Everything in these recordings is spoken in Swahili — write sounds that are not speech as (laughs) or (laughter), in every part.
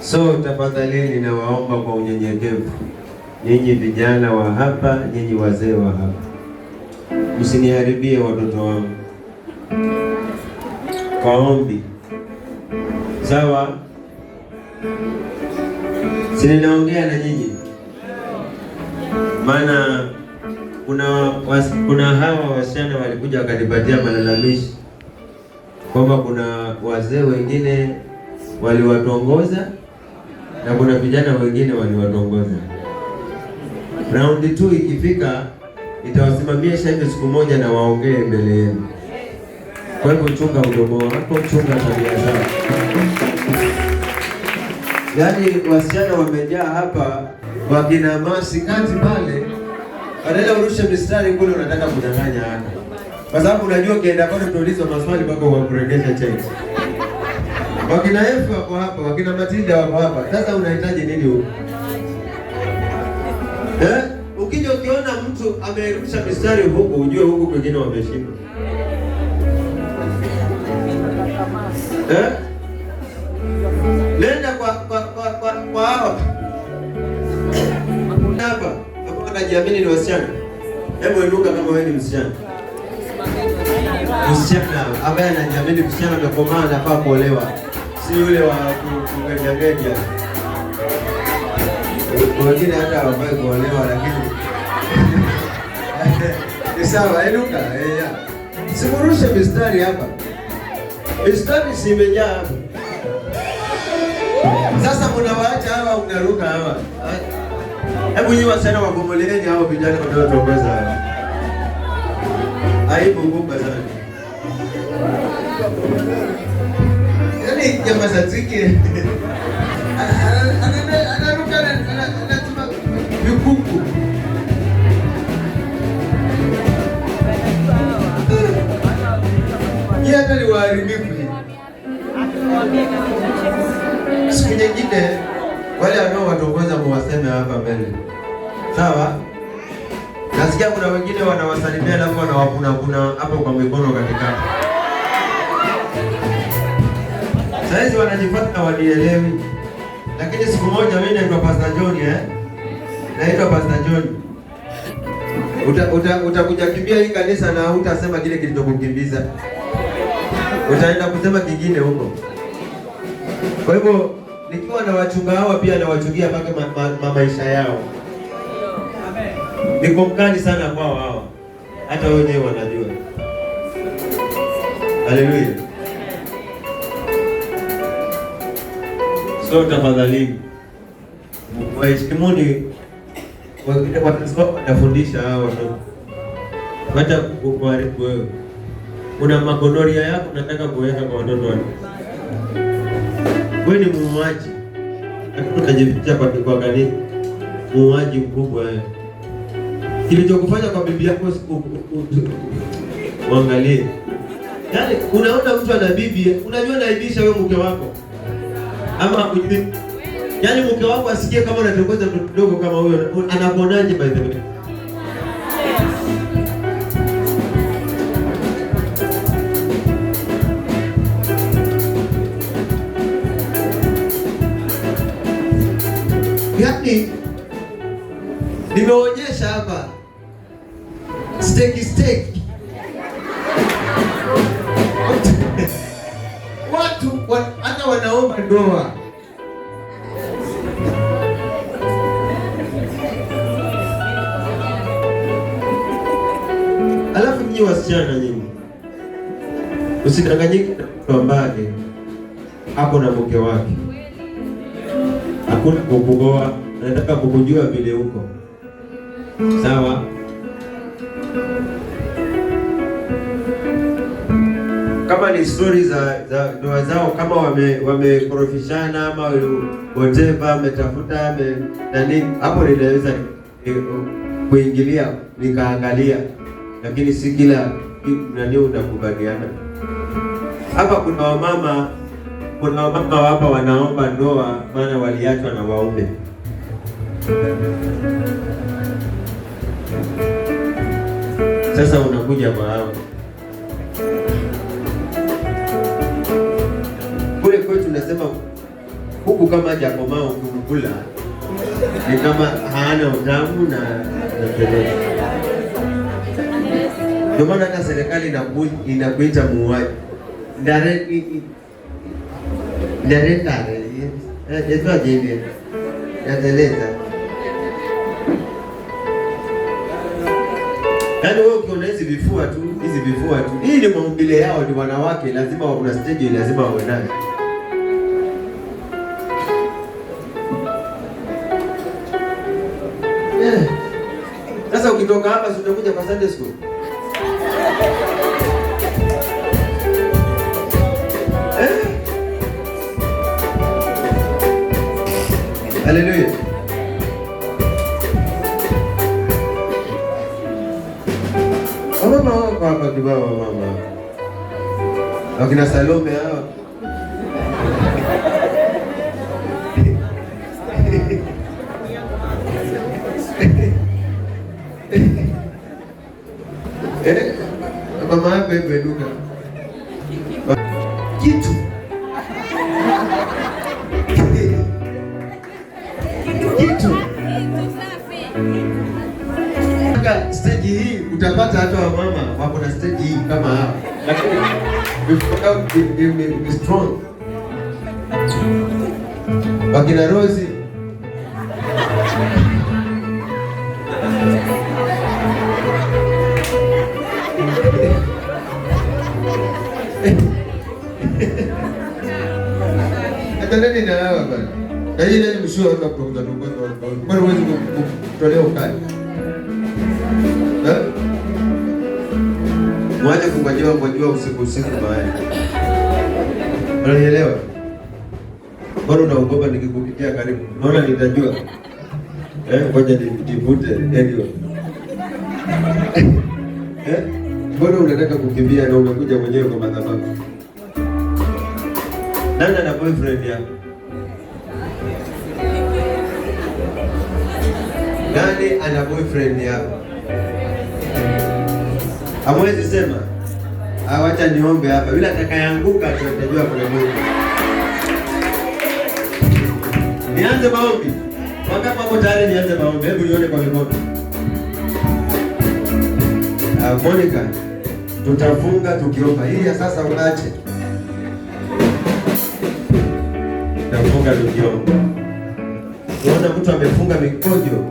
So tafadhali ninawaomba kwa unyenyekevu, nyinyi vijana wa hapa, nyinyi wazee wa hapa, msiniharibie watoto wangu kwa ombi. Sawa, si ninaongea na nyinyi, maana kuna, kuna hawa wasichana walikuja wakanipatia malalamishi kwamba kuna wazee wengine waliwatongoza na kuna vijana wengine waliwatongoza. Raundi 2 ikifika, itawasimamia hivi siku moja na waongee mbele yenu. Kwa hivyo chunga mdomo wako, chunga tabia zako. Yaani wasichana wamejaa hapa, wakina masi kati pale, badala urushe mistari kule, unataka kudanganya hapa, kwa sababu unajua ukienda pale tunaulizwa maswali mpaka wakuregesha cheti Wakina Yesu wako hapa, wakina Matilda wako hapa. Sasa unahitaji nini huko? Eh? eh? Ukija ukiona mtu amerusha mistari huku, ujue huku wengine wameshindwa. Eh? Nenda kwa kwa kwa kwa, kwa hao. Hapa, hapo ni wasichana. Hebu inuka kama wewe ni msichana. Msichana ambaye anajiamini msichana amekomaa anafaa kuolewa si yule wa kugejageja, wengine hata hawafai kuolewa, lakini (laughs) ni sawa. Inuka eh, eh, simurushe mistari hapa, mistari si hapa. Sasa mnawaacha hawa, mnaruka hawa. Hebu nyiwa sana, wabomoleeni hao vijana wanaotongoza hawa, aibu kubwa sana yaani jamaa za zike anaruka anatuma vikuku ni waharibifu. Siku nyingine wale muwaseme hapa mbele, sawa? Nasikia kuna wengine wanawasalimia alafu wanawavunavuna hapo kwa mikono katikati Saizi wanajipata wanielewi, lakini siku moja mimi naitwa Pastor John eh? Naitwa Pastor John. Uta, uta, utakuja kimbia hii kanisa na utasema kile kilichokukimbiza, utaenda kusema kingine huko. Kwa hivyo nikiwa na wachunga hawa pia nawachungia mpaka ma, ma, ma, maisha yao. Niko mkali sana kwao hawa, hata wenyewe wanajua. Haleluya. So tafadhalini, waheshimuni watafundisha hawa watoto, wacha kuharibu wewe. Una magonoria yako unataka kuweka kwa watoto wako. Wewe ni muuaji, ukajificha kwa kanisa, muuaji mkubwa. Kilichokufanya kwa bibi yako uangalie. Yaani unaona mtu ana bibi, unajua naibisha wewe mke wako ama akujui. Yaani mke wako asikie kama unatongoza mtoto mdogo kama huyo, anakuonaje by the way? Yaani nimeonyesha hapa steki steki wanaume ndoa. Alafu nyinyi wasichana, nyinyi usidanganyike na mtu ambaye hapo na mke wake, hakuna kukugoa nataka kukujua vile huko sawa kama ni stori za za ndoa zao, kama wamekorofishana ama whatever ametafuta nani, hapo ninaweza kuingilia nikaangalia, lakini si kila nani unakubaliana. Hapa kuna wamama, kuna wamama hapa wanaomba ndoa, maana waliachwa na waume sasa unakuja maangu anasema huku kama jakomao kunukula ni kama haana utamu na nakelea. Ndio maana hata serikali inakuita muuaji ndaretare eh, nateleza. Yaani wewe ukiona hizi vifua tu, hizi vifua tu, hii ni maumbile yao, ni wanawake, lazima wakuna stage, lazima waonane ukitoka hapa si utakuja kwa Sunday school? Eh? Haleluya. Mama wako hapa kibao, mama wakina Salome hawa mama yako hivyo inuka kitu kitu stage hii utapata hata wamama wako na stage hii kama hapa, lakini uh, strong wakina Rosi Ataneni na hawa bwana. Na hii leo msio hata kutoka ndugu zangu. Kwa nini wewe unatolea ukali? Eh? Mwaje kumwajua mwajua usiku usiku baya. Unanielewa? Bado naogopa nikikupitia karibu. Naona nitajua. Eh, ngoja nijivute ndio. Eh? Bado unataka kukimbia na unakuja mwenyewe kwa madhabahu. Nani ana boyfriend ya? Nani ana boyfriend ya? Hamwezi sema? Awacha niombe hapa, bila atakayeanguka tutajua kuna Mungu. Nianze maombi. Wangapi wako tayari nianze maombi? Hebu nione kwa mikono. Ah, Monica, tutafunga tukiomba. Hii ya sasa unaache. amefunga mijongo. Unaona mtu amefunga mikojo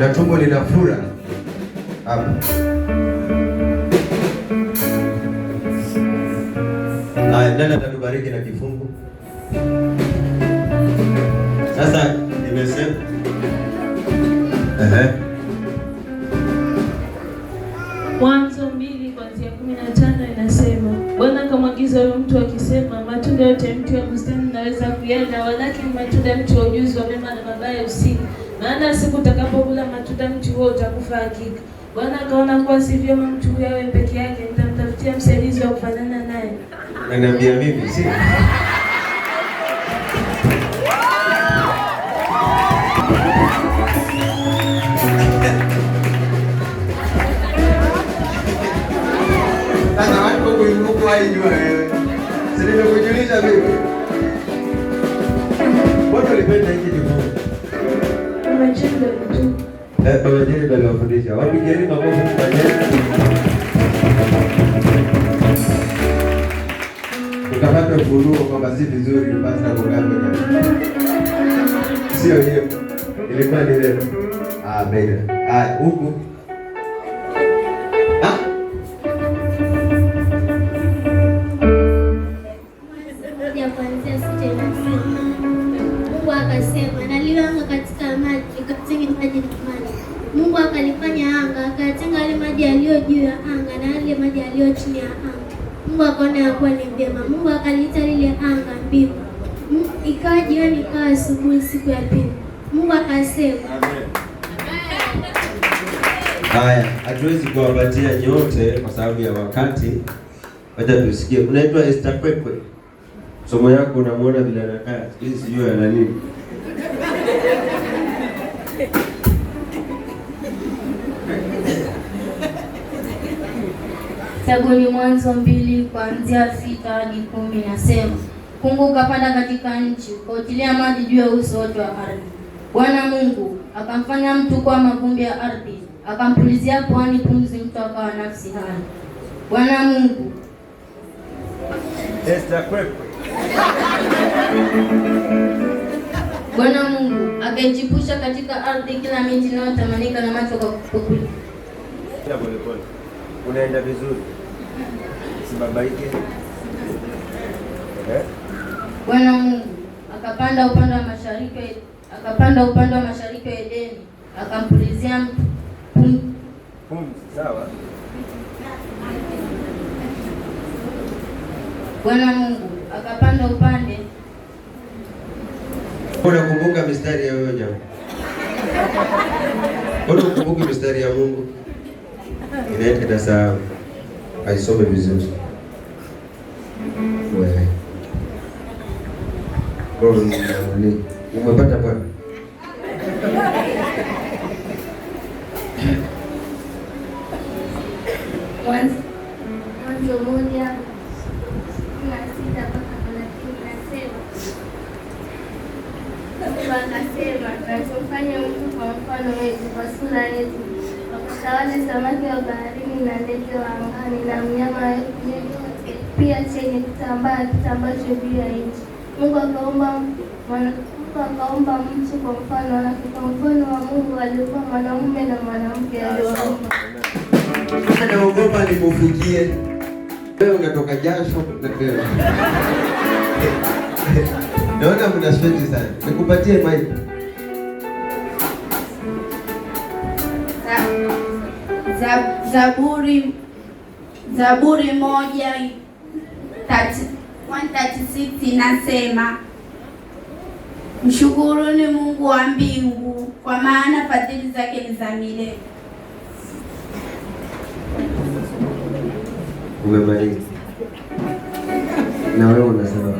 na tumbo linafura hapo. haya, nani atatubariki na kifungu sasa? Nimesema yote mtu ya bustani naweza kuyala, walakini matunda mti wa ujuzi wa mema na mabaya usile, maana siku utakapokula matunda mti huo utakufa hakika. Bwana akaona kuwa si vyema mtu huyo awe peke yake, nitamtafutia msaidizi wa kufanana naye. Ananiambia mimi si Sasa Nimekujulisha mimi. Watu walipenda hiki kitabu. Eh, baba jeni ndio aliwafundisha. Wapigeni makofi kwa Yesu. Tukapata ufunuo kwamba si vizuri kupata kukaa Sio hiyo. Ilikuwa ni leo. Amen. Ah, huku maji yaliyo juu ya anga na yale maji yaliyo chini ya anga. Mungu akaona ya kuwa ni vyema. Mungu akaliita lile anga mbingu. Ikawa jioni, ikawa asubuhi, siku ya pili. Mungu akasema. Haya, hatuwezi kuwapatia nyote kwa sababu ya wakati. Wacha tusikie. Unaitwa Esther Kwekwe. Somo yako unamwona bila nakaa. Hii sijui ana nini. Sagoni Mwanzo mbili kuanzia sita hadi kumi nasema Kungu ukapanda katika nchi ukautilia maji juu ya uso wote wa ardhi. Bwana Mungu akamfanya mtu kwa mavumbi ya ardhi, akampulizia puani pumzi, mtu akawa nafsi hai. Bwana Mungu Bwana Mungu akaichipusha katika ardhi kila miti inayotamanika na macho kwa kukuli. Unaenda vizuri. Eh? Bwana Mungu akapanda upande wa mashariki, akapanda upande wa mashariki wa Edeni, akampulizia pumzi. Sawa. Bwana Mungu akapanda upande. Unakumbuka mistari ya wewe jamaa? Unakumbuka mistari ya Mungu? Inaenda sawa. Aisome vizuri. umepata bwana. Mwanzo sita mpaka akasema, tunachofanya mtu kwa mfano wetu, kwa sura yetu, wakatawale samaki wa baharini na ndege wa angani na mnyama yeyote, pia chenye kitambaa kitambacho juu ya nchi Mungu akaumba Mungu akaumba mtu kwa mfano wake, kwa mfano wa Mungu alikuwa mwanamume na mwanamke aliwaumba. Naogopa nikufikie wewe, unatoka jasho napewa. Naona mna sweti sana, nikupatie maji. Zaburi Zaburi moja tatu 136 inasema mshukuruni Mungu wa mbingu, kwa maana fadhili zake ni za milele. Umemaliza na wewe unasema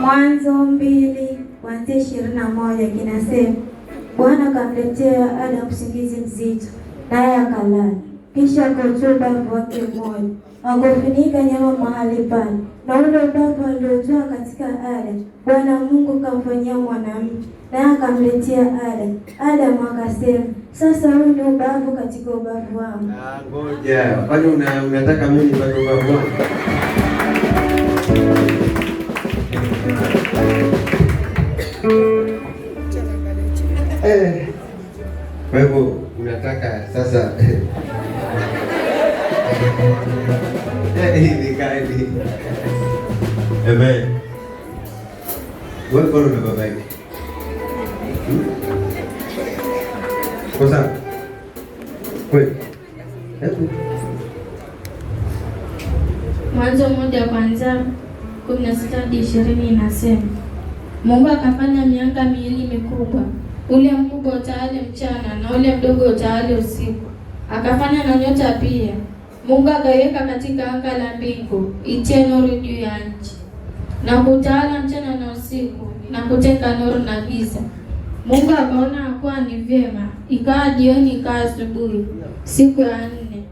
Mwanzo mbili kuanzia ishirini na moja kinasema Bwana akamletea Adamu usingizi mzito, naye akalala, kisha akautoa ubavu wake wakufunika nyama mahali pale, na ule ubavu aliotoa katika ale, Bwana Mungu kamfanyia mwanamke, naye akamletea ale. Adamu akasema, sasa huyu ni ubavu katika ubavu wangu. Ah, ngoja, kwani unataka mimi nipate ubavu wangu? Eh. Kwa hivyo unataka sasa eh. Wewe baba yake kosa kweli. Mwanzo mmoja kwanza kumi na sita hadi ishirini inasema Mungu akafanya mianga miwili mikubwa, ule mkubwa utawale mchana na ule mdogo utawale usiku, akafanya na nyota pia Mungu akaiweka katika anga la mbingu itie nuru juu ya nchi na kutawala mchana na usiku na kuteka nuru na giza. Mungu akaona kuwa ni vyema, ikawa jioni, ikawa asubuhi, siku ya nne.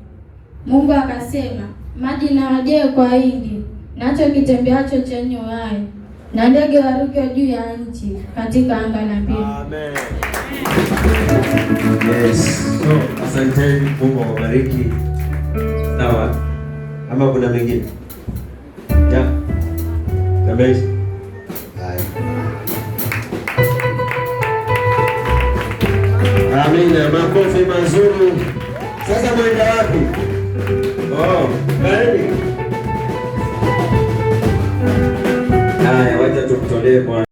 Mungu akasema, maji na wajee kwa wingi, nacho kitembeacho chenye uhai, na ndege waruke juu ya nchi katika anga la mbingu. Amen. Yes. So, asanteni. Mungu awabariki. Sawa, ama kuna mengine ya kabisa? Amina, makofi mazuri. Sasa mwenda wapi? Oh, haya, wacha tumtolee Bwana.